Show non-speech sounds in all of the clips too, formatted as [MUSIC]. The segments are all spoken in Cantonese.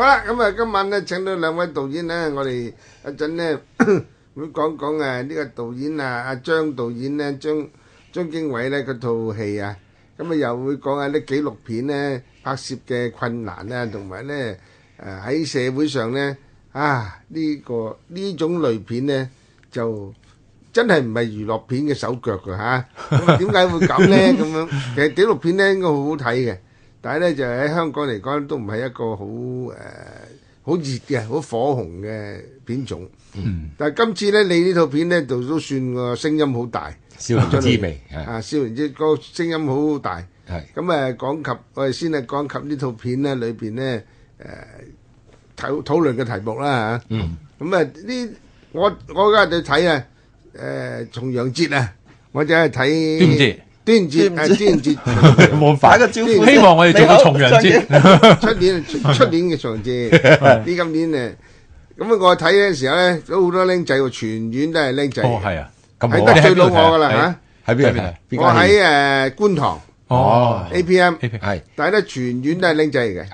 好啦，咁啊，今晚咧請到兩位導演咧，我哋一陣咧會講講誒呢個導演啊，阿張導演咧，張張經緯咧嗰套戲啊，咁啊又會講下啲紀錄片咧拍攝嘅困難啊，同埋咧誒喺社會上咧啊呢個呢種類片咧就真係唔係娛樂片嘅手腳㗎，吓，點解會咁咧咁樣？其實紀錄片咧應該好好睇嘅。但係咧，就喺香港嚟講都唔係一個好誒好熱嘅、好火紅嘅片種。嗯。但係今次咧，你呢套片咧就都算個聲音好大，少年滋味。啊，少年滋味嗰個聲音好大。係。咁誒，講及我哋先係講及呢套片咧裏邊咧誒討討論嘅題目啦嚇。嗯。咁誒呢？我我而家就睇啊誒重陽節啊，我或者係睇。知唔知？端午節，端午節，打個招呼。希望我哋做到重陽節，出年出年嘅重陽節。呢今年咧，咁啊，我去睇嘅時候咧，都好多僆仔，全院都係僆仔。哦，係啊，咁我最老我噶啦，吓喺邊啊？我喺誒觀塘。哦，APM 係，但係咧，全院都係僆仔嚟嘅，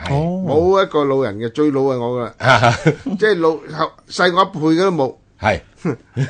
冇一個老人嘅，最老係我噶啦。即係老後細我一倍嘅都冇。係，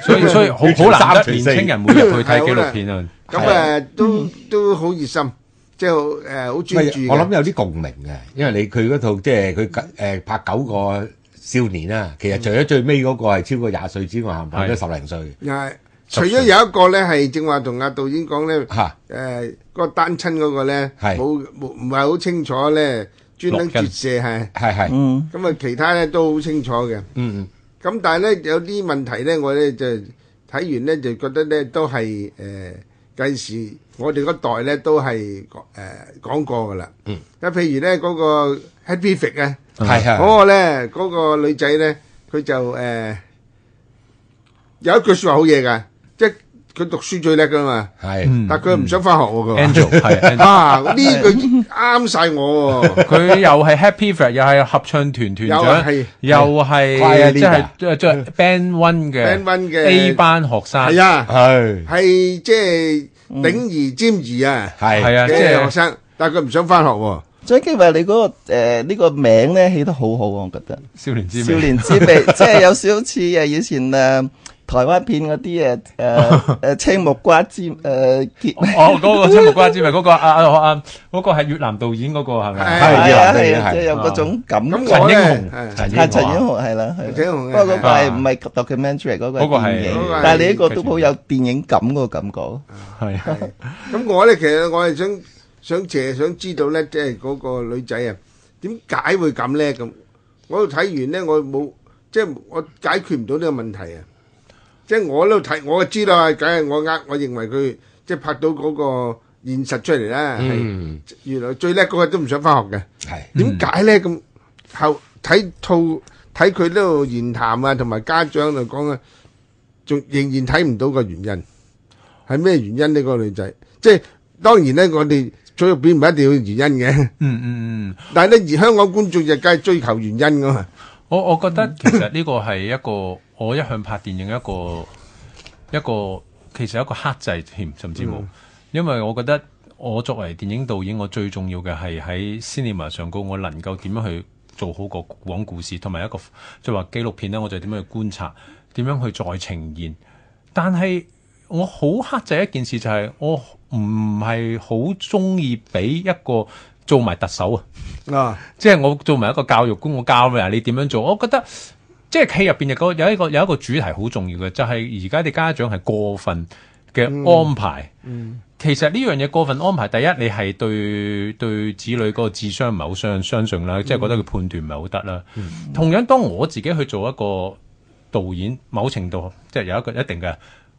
所以所以好好難得年青人，會入去睇紀錄片啊。咁誒，都都好熱心，即係誒好專注。我諗有啲共鳴嘅，因為你佢嗰套即係佢誒拍九個少年啦。其實除咗最尾嗰個係超過廿歲之外，冚唪唥都十零歲。係，除咗有一個咧，係正話同阿導演講咧，誒個單親嗰個咧，冇冇唔係好清楚咧，專登絕射係。係係，咁啊，其他咧都好清楚嘅。嗯。咁但係咧有啲問題咧，我咧就睇完咧就覺得咧都係誒，計時我哋嗰代咧都係誒講過噶啦。嗯，即係譬如咧嗰個 Happy Vic 啊，嗰個咧嗰個女仔咧，佢就誒有一句説話好嘢㗎。佢讀書最叻噶嘛？係，但佢唔想翻學喎。Angel 係啊，呢句啱晒我。佢又係 Happy Fan，又係合唱團團長，又係即係即係 Band One 嘅 Band One 嘅 A 班學生。係啊，係係即係鼎二尖二啊，係係啊，即係學生。但係佢唔想翻學喎。所以張經緯你嗰個誒呢個名咧起得好好，我覺得。少年滋少年滋味，即係有少少似啊以前啊。台灣片嗰啲誒誒誒青木瓜之，誒結，哦嗰個青木瓜之味嗰個，阿阿阿嗰個係越南導演，嗰個係咪係啊係？即係有嗰種感覺咧係。陳英雄係啦，係陳英雄。不過嗰個係唔係 documentary 嗰個電影，但係呢個都好有電影感嗰個感覺係啊。咁我咧其實我係想想，借想知道咧，即係嗰個女仔啊，點解會咁咧？咁我睇完咧，我冇即係我解決唔到呢個問題啊！即係我都睇，我都知道啊，梗係我呃，我認為佢即係拍到嗰個現實出嚟啦。原來最叻嗰個都唔想翻學嘅，點解咧咁後睇套睇佢呢度言談啊，同埋家長就講啊，仲仍然睇唔到個原因係咩原因呢？個女仔即係當然咧，我哋主要變唔一定要原因嘅。嗯嗯嗯，但係咧而香港觀眾就梗係追求原因㗎嘛。我我覺得其實呢個係一個。我一向拍電影一個一個其實一個克制添，甚至冇，嗯、因為我覺得我作為電影導演，我最重要嘅係喺 Cinema 上高，我能夠點樣去做好個講故事，同埋一個即係話紀錄片咧，我就點樣去觀察，點樣去再呈現。但係我好克制一件事，就是，就係我唔係好中意俾一個做埋特首啊，啊，即係我做埋一個教育官，我教咩你點樣做，我覺得。即係戲入邊有個有一個有一個主題好重要嘅，就係而家啲家長係過分嘅安排。嗯嗯、其實呢樣嘢過分安排，第一你係對對子女嗰個智商唔係好相相信啦，嗯、即係覺得佢判斷唔係好得啦。嗯嗯、同樣，當我自己去做一個導演，某程度即係有一個一定嘅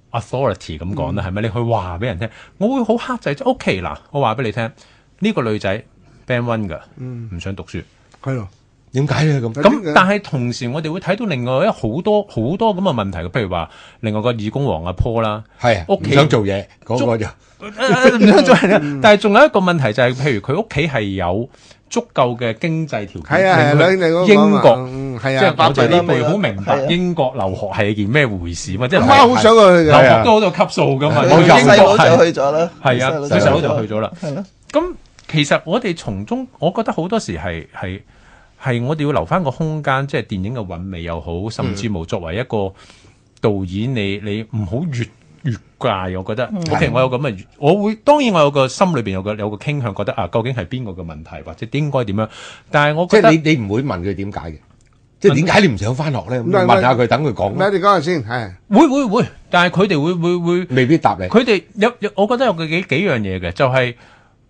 authority 咁講啦，係咪、嗯？你去話俾人聽，我會好克制。嗯、OK 啦，我話俾你聽，呢、這個女仔 band one 噶，唔、嗯、想讀書，係咯。點解咧？咁？咁但係同時，我哋會睇到另外一好多好多咁嘅問題嘅，譬如話另外個義工王阿婆啦，係屋企想做嘢，嗰個就唔想做啦。但係仲有一個問題就係，譬如佢屋企係有足夠嘅經濟條件，係啊，兩兄弟嗰個啊嘛，係啊，即係包括啲譬如好明白英國留學係件咩回事嘛，即係媽好想去嘅，留學都好有級數噶嘛，去英國就去咗啦，係啊，佢細佬就去咗啦，係咯。咁其實我哋從中，我覺得好多時係係。係我哋要留翻個空間，即係電影嘅韻味又好，甚至冇作為一個導演，你你唔好越越界。我覺得，OK，我有咁嘅，我會當然我有個心裏邊有個有個傾向，覺得啊，究竟係邊個嘅問題，或者點應該點樣？但係我覺得你，你唔會問佢點解嘅，即係點解你唔想翻學咧？問下佢，等佢講。你講下先，係會會會，但係佢哋會會會未必答你。佢哋有有，我覺得有佢幾幾樣嘢嘅，就係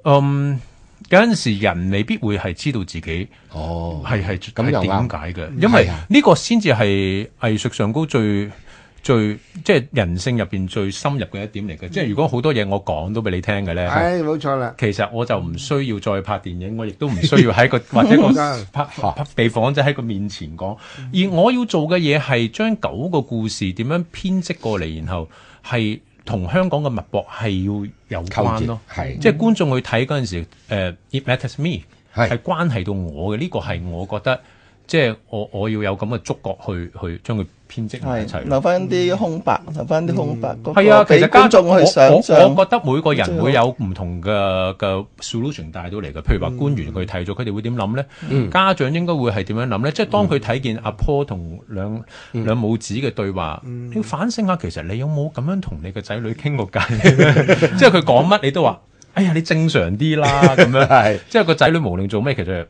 嗯。有陣時人未必會係知道自己是，哦，係係咁點解嘅？因為呢個先至係藝術上高最最即係人性入邊最深入嘅一點嚟嘅。嗯、即係如果好多嘢我講都俾你聽嘅咧，係冇錯啦。錯其實我就唔需要再拍電影，我亦都唔需要喺個 [LAUGHS] 或者個拍拍被訪者喺個面前講。而我要做嘅嘢係將九個故事點樣編織過嚟，然後係。同香港嘅脈搏係要有關咯，係即係觀眾去睇嗰陣時誒 it matters me 是關係，關係到我嘅，呢個係我覺得即係我我要有咁嘅觸覺去去將佢。編織埋一齊，留翻啲空白，留翻啲空白。係啊，其實家長我係想像，我覺得每個人會有唔同嘅嘅 solution 帶到嚟嘅。譬如話官員佢睇咗，佢哋會點諗咧？家長應該會係點樣諗咧？即係當佢睇見阿婆同兩兩母子嘅對話，你反省下，其實你有冇咁樣同你個仔女傾過偈？即係佢講乜，你都話：哎呀，你正常啲啦咁樣係。即係個仔女無論做咩，其實。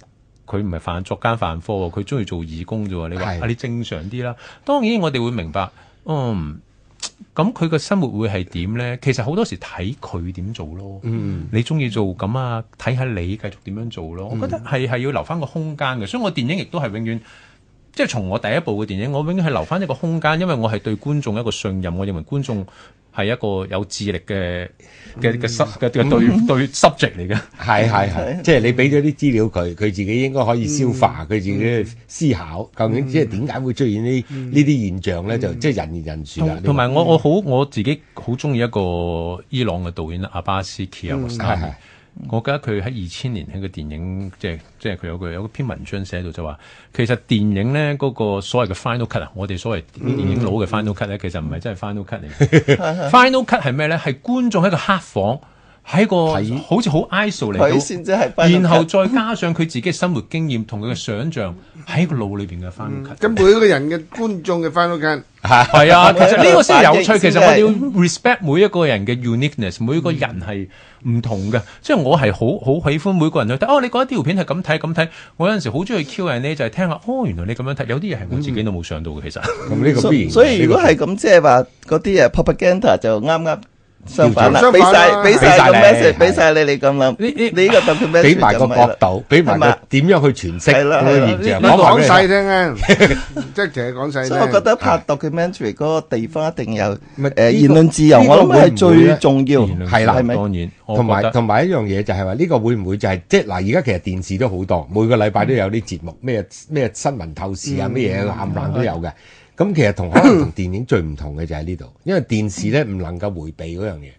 佢唔係犯作奸犯科喎，佢中意做義工啫喎。你話啊，係啊，你正常啲啦。當然我哋會明白，嗯，咁佢嘅生活會係點咧？其實好多時睇佢點做咯。嗯，你中意做咁啊？睇下你繼續點樣做咯。我覺得係係要留翻個空間嘅，所以我電影亦都係永遠，即係從我第一部嘅電影，我永遠係留翻一個空間，因為我係對觀眾一個信任，我認為觀眾，係一個有智力嘅嘅嘅對對對對嚟嘅，係係係即係你俾咗啲資料佢，佢自己應該可以消化，佢、嗯、自己思考、嗯、究竟即係點解會出現呢呢啲現象咧？嗯、就即係人言人殊啦。同埋說我我好我自己好中意一個伊朗嘅導演阿巴斯基亞洛、嗯啊我覺得佢喺二千年喺個電影，即係即係佢有個有篇文章寫到就話，其實電影咧，嗰個所謂嘅 final cut 啊，我哋所謂電影佬嘅 final cut 咧，其實唔係真係 [LAUGHS] final cut 嚟。final cut 係咩咧？係觀眾喺個黑房。喺個好似好 isolate 嚟，然後再加上佢自己嘅生活經驗同佢嘅想像喺個腦裏邊嘅翻譯。咁每一個人嘅觀眾嘅翻譯，係係啊，其實呢個先有趣。其實我要 respect 每一個人嘅 uniqueness，每個人係唔同嘅。即係、嗯、我係好好喜歡每個人都睇。哦，你覺得呢條片係咁睇咁睇，我有陣時好中意 cue 就係聽下哦，原來你咁樣睇，有啲嘢係我自己都冇想到嘅。其實咁呢個必然。所以如果係咁，即係話啲、這個、就啱啱。上版啦，俾曬俾曬個 message，俾曬你你咁諗。你你你呢個特別咩？俾埋個角度，俾埋個點樣去詮釋呢個現象。講曬聽啊，即係其實講曬。所以我覺得拍 documentary 嗰個地方一定有誒言論自由，我諗係最重要。係啦，當然，同埋同埋一樣嘢就係話呢個會唔會就係即係嗱？而家其實電視都好多，每個禮拜都有啲節目，咩咩新聞透視啊，咩嘢冚唪唥都有嘅。咁其實同可能同電影最唔同嘅就係呢度，因為電視咧唔能夠迴避嗰樣嘢，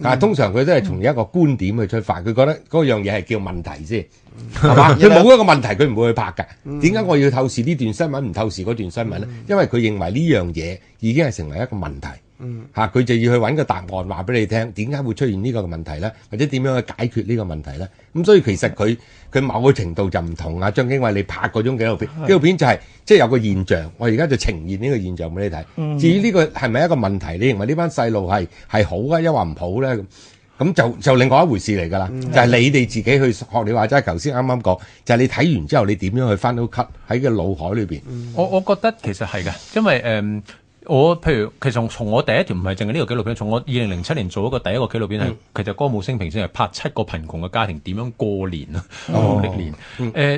但係通常佢都係從一個觀點去出發，佢覺得嗰樣嘢係叫問題先，係嘛？ [LAUGHS] 佢冇一個問題佢唔會去拍㗎。點解我要透視呢段新聞唔透視嗰段新聞咧？因為佢認為呢樣嘢已經係成為一個問題。嗯，吓佢就要去揾個答案，話俾你聽，點解會出現呢個問題咧？或者點樣去解決呢個問題咧？咁所以其實佢佢某個程度就唔同啊。張經緯你拍嗰種紀錄片，紀錄的片就係即係有個現象，我而家就呈現呢個現象俾你睇。至於呢個係咪一個問題，你認為呢班細路係係好啊，一話唔好咧，咁咁就就另外一回事嚟噶啦。的就係你哋自己去學。你話齋，頭先啱啱講就係、是、你睇完之後，你點樣去翻到喺個腦海裏邊？我我覺得其實係噶，因為誒。嗯我譬如，其實從我第一條唔係淨係呢個紀錄片，從我二零零七年做一個第一個紀錄片係，其實《歌舞升平》先係拍七個貧窮嘅家庭點樣過年啊，農曆年。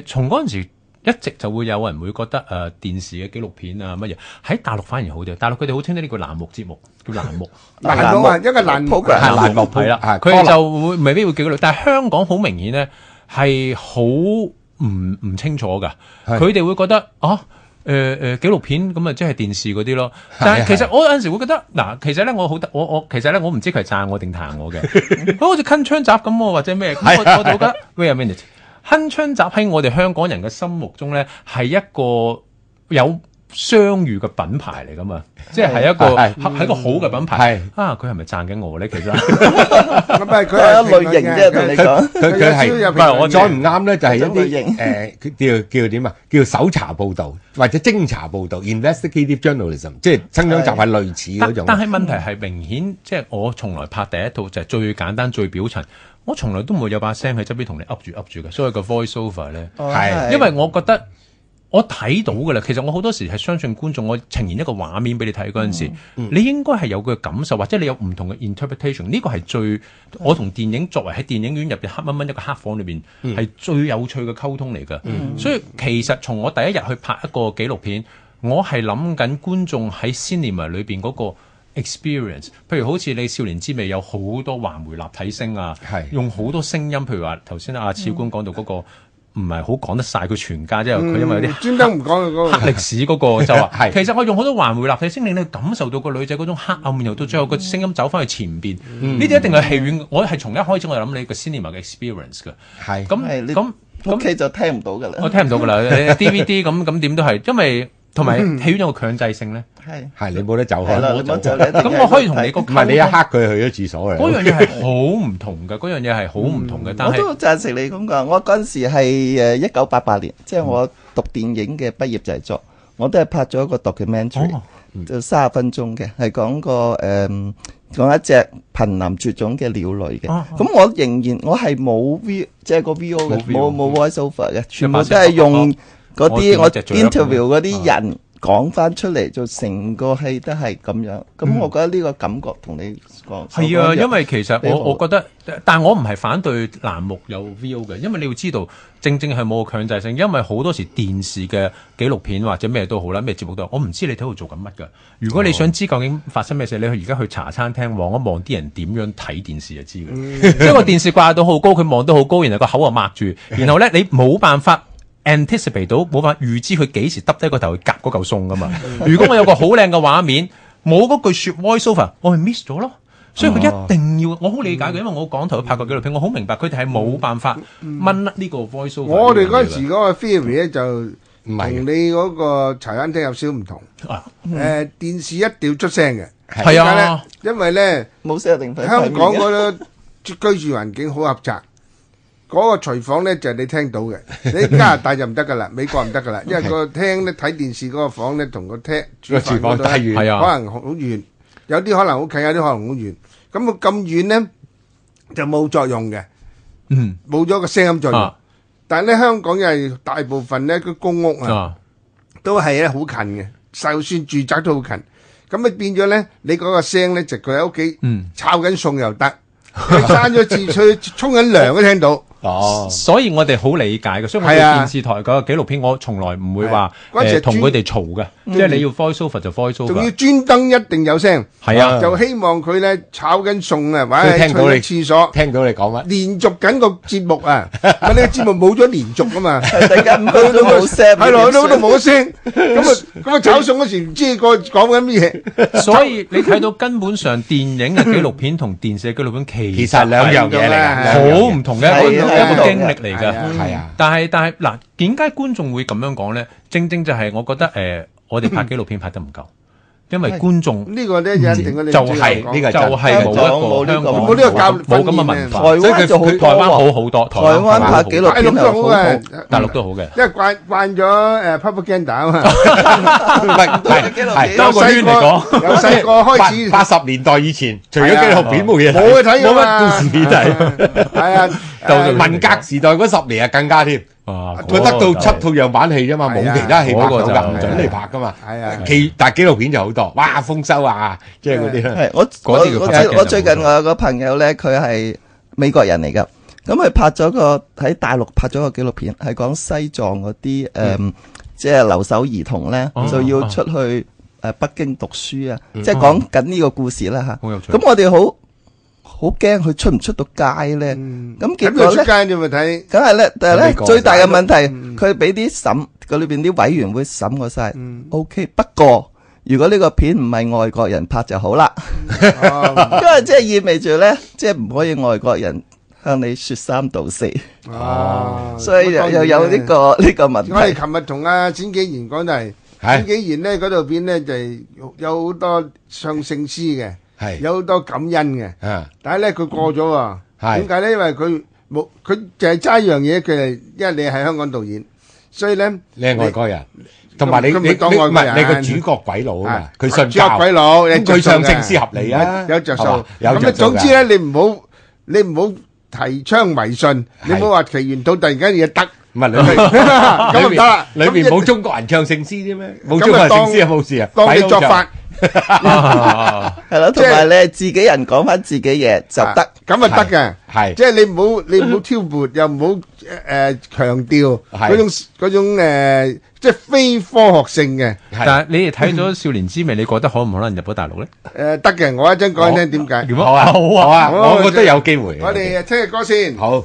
誒，從嗰陣時一直就會有人會覺得誒電視嘅紀錄片啊乜嘢喺大陸反而好啲，大陸佢哋好清楚呢個欄目節目叫欄目，欄目，因為欄，係欄目係啦，佢就會未必會記錄，但係香港好明顯咧係好唔唔清楚嘅，佢哋會覺得啊。誒誒、呃呃、紀錄片咁啊，即係電視嗰啲咯。是是是，但係其實我有陣時會覺得，嗱、啊，其實咧我好得，我我其實咧我唔知佢係讚我定彈我嘅。 [LAUGHS] 好似鏗鏘集咁喎，或者咩我 [LAUGHS] 我，我就覺得。 [LAUGHS] Wait a minute，鏗鏘集喺我哋香港人嘅心目中咧係一個有相遇嘅品牌嚟噶嘛，即係一個係一個好嘅品牌。係啊，佢係咪讚緊我咧？其實咁係，佢係一類型啫。佢佢係唔係我再唔啱咧？就係一啲誒，叫叫點啊？叫搜查報道或者偵查報道，investigative journalism，即係新聞集係類似嗰種。但係問題係明顯，即係我從來拍第一套就係最簡單最表層，我從來都冇有把聲喺側邊同你噏住噏住嘅。所以個 voiceover 咧係，因為我覺得。我睇到噶啦，其實我好多時係相信觀眾，我呈現一個畫面俾你睇嗰陣時，嗯嗯、你應該係有佢嘅感受，或者你有唔同嘅 interpretation。呢個係最我同電影、嗯、作為喺電影院入邊黑蚊蚊一個黑房裏邊係、嗯、最有趣嘅溝通嚟㗎。嗯、所以其實從我第一日去拍一個紀錄片，嗯、我係諗緊觀眾喺 cinema 裏邊嗰個 experience。譬如好似你少年滋味有好多環回立體聲啊，係的用好多聲音，譬如話頭先阿次官講到嗰，那個。嗯嗯唔係好講得晒佢全家，即係佢因為有啲專登唔講嗰個黑歷史嗰個就話，其實我用好多環回立體聲令你感受到個女仔嗰種黑暗，又到最後個聲音走翻去前邊，呢啲一定係戲院。我係從一開始我諗你個 cinema 嘅 experience 㗎。係咁咁咁就聽唔到噶啦，我聽唔到噶啦，D V D 咁咁點都係，因為。同埋戲院有個強制性咧，係係你冇得走開，冇走咁，我可以同你個唔係你一黑佢去咗廁所嚟。嗰樣嘢係好唔同嘅，嗰樣嘢係好唔同嘅。但我都贊成你咁講，我嗰陣時係誒一九八八年，即係我讀電影嘅畢業製作，我都係拍咗一個 documentary，就三十分鐘嘅，係講個誒講一隻瀕臨絕種嘅鳥類嘅。咁我仍然我係冇 V，即係個 VO 嘅，冇冇 voiceover 嘅，全部都係用。嗰啲我，我 interview 嗰啲人講翻出嚟就成個戲都係咁樣，咁、嗯、我覺得呢個感覺同你講係啊，受受因為其實我我，我覺得，但我唔係反對欄目有 VO 嘅，因為你要知道，正正係冇強制性，因為好多時電視嘅紀錄片或者咩都好啦，咩節目都好，我唔知你喺度做緊乜噶。如果你想知究竟發生咩事，你去而家去茶餐廳望一望啲人點樣睇電視就知嘅，嗯、因為電視掛到好高，佢望到好高，然後個口啊擘住，然後咧你冇辦法。anticipate 到冇法預知佢幾時耷低個頭去夾嗰嚿餸噶嘛？如果我有個好靚嘅畫面，冇嗰句説 voiceover，我係 miss 咗咯。所以佢一定要，我好理解嘅，因為我港台拍過紀錄片，我好明白佢哋係冇辦法問呢個 voiceover。我哋嗰時嗰個 theory 咧就同你嗰個茶餐廳有少唔同。誒，電視一定要出聲嘅，係啊，因為咧，香港嗰個居住環境好狹窄。嗰個廚房咧就係你聽到嘅，你加拿大就唔得噶啦，美國唔得噶啦，因為個廳咧睇電視嗰個房咧同個廳個廚房都係遠，可能好遠，有啲可能好近，有啲可能好遠。咁佢咁遠咧就冇作用嘅，嗯，冇咗個聲音作用。但係咧香港又係大部分咧個公屋啊，都係咧好近嘅，就算住宅都好近。咁咪變咗咧，你嗰個聲咧就佢喺屋企炒緊餸又得，閂咗字去沖緊涼都聽到。哦，所，所以我哋好理解嘅，所以我哋電視台個紀錄片我，我從來唔會話誒同佢哋嘈嘅。呃即係你要 voice over 就 voice over 㗎，仲要專登一定有聲，係啊，就希望佢咧炒緊餸啊，或者去廁所，聽到你講啊，連續緊個節目啊，咁呢個節目冇咗連續啊嘛，突然間唔去到個，係咯，去到都冇聲，咁啊咁啊炒餸嗰時唔知個講緊乜嘢，所以你睇到根本上電影嘅紀錄片同電視嘅紀錄片其實兩樣嘢嚟，好唔同嘅一個經歷嚟㗎，係啊，但係但係嗱，點解觀眾會咁樣講咧？正正就係我覺得誒。我哋拍紀錄片拍得唔夠，因為觀眾呢個咧有陣時就係呢個就係冇一個冇呢個教冇咁嘅問題，即係佢台灣好好多，台灣拍紀錄片都好嘅，大陸都好嘅，即係慣慣咗誒 propaganda 啊嘛，唔係，係係由細個講由細個開始，八十年代以前除咗紀錄片冇嘢，冇嘅睇冇乜故事片，係係啊，文革時代嗰十年啊更加添。佢得到七套樣板戲啫嘛，冇其他戲拍到噶，唔准嚟拍噶嘛。係啊，但係紀錄片就好多，哇！豐收啊，即係嗰啲。係我我我我最近我有個朋友咧，佢係美國人嚟噶，咁佢拍咗個喺大陸拍咗個紀錄片，係講西藏嗰啲誒，即係留守兒童咧，就要出去誒北京讀書啊，即係講緊呢個故事啦吓。咁我哋好。好驚佢出唔出到街咧？咁結果，出街你咪睇，咁係咧，但係咧最大嘅問題，佢俾啲審佢裏邊啲委員會審過晒，OK。不過如果呢個片唔係外國人拍就好啦，因為即係意味住咧，即係唔可以外國人向你說三道四。哦，所以又又有呢個呢個問題。我哋琴日同阿錢景賢講就係，錢景賢呢嗰套片咧就係有好多唱聖詩嘅。係有好多感恩嘅，但係咧佢過咗啊，點解咧？因為佢冇，佢淨係齋一樣嘢，佢係因為你係香港導演，所以咧你係外國人，同埋你你你唔係，你個主角鬼佬啊嘛，佢信教，主角鬼佬，你最唱聖詩合理啊，有著數，有著數。總之咧，你唔好你唔好提倡迷信，你唔好話奇緣到突然間嘢得，唔係你，咁得，裏邊冇中國人唱聖詩啲咩？冇中國人唱聖詩啊，冇事啊，當你作法。係咯，同埋你自己人講翻自己嘢就得，咁啊得嘅，係，即係你唔好你唔好挑撥，又唔好誒強調嗰種嗰種誒，即係非科學性嘅。但係你哋睇咗《少年滋味》，你覺得可唔可能入到大陸咧？誒，得嘅，我一陣講你聽點解。好啊，好啊，我覺得有機會。我哋聽日歌先。好。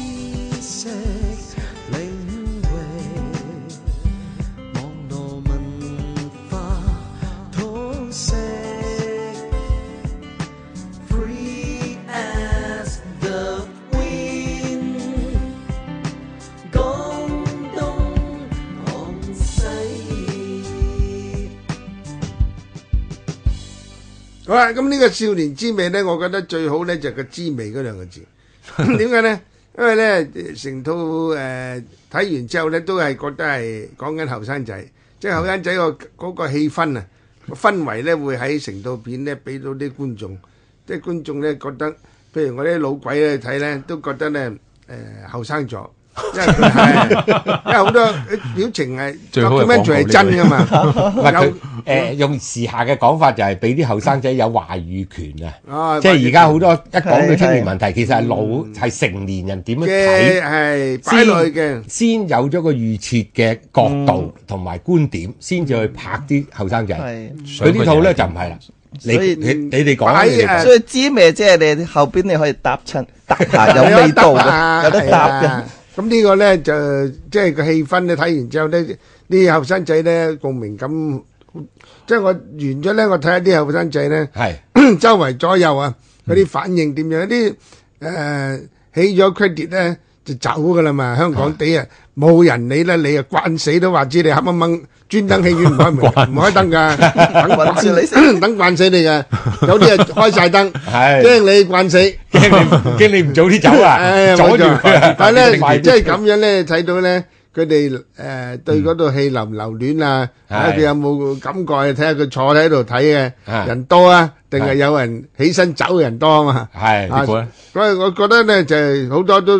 好啦，咁呢個少年滋味咧，我覺得最好咧就係個滋味嗰兩個字。點解咧？因為咧成套誒睇完之後咧，都係覺得係講緊後生仔，即係後生仔個嗰個氣氛啊，個氛圍咧會喺成套片咧俾到啲觀眾，即係觀眾咧覺得，譬如我啲老鬼咧睇咧，都覺得咧誒後生咗。因為因為好多表情係點樣做係真噶嘛。係佢誒，用時下嘅講法就係俾啲後生仔有話語權啊。即係而家好多一講到青年問題，其實係老係成年人點樣睇？係擺來嘅，先有咗個預設嘅角度同埋觀點，先至去拍啲後生仔。係佢呢套咧就唔係啦。你你你哋講，所以滋味即係你後邊你可以搭襯搭下有味道有得搭嘅。咁、嗯、呢個咧就即係個氣氛咧，睇完之後咧，啲後生仔咧共鳴，咁，即係我完咗咧，我睇下啲後生仔咧，周圍左右啊，嗰啲反應點樣？啲誒、呃、起咗 credit 咧就走㗎喇嘛，香港地啊！冇人理咧，你啊，慣死都話知你黑掹掹，專登戲院唔開門，唔開燈噶，等慣死你先，等慣死你噶。有啲啊開晒燈，係驚你慣死，驚你驚你唔早啲走啊！哎呀，冇錯。但係咧，即係咁樣咧，睇到咧，佢哋誒對嗰度氣流流暖啊，睇下佢有冇感覺啊，睇下佢坐喺度睇嘅人多啊，定係有人起身走人多啊嘛？係，所以我覺得咧就係好多都。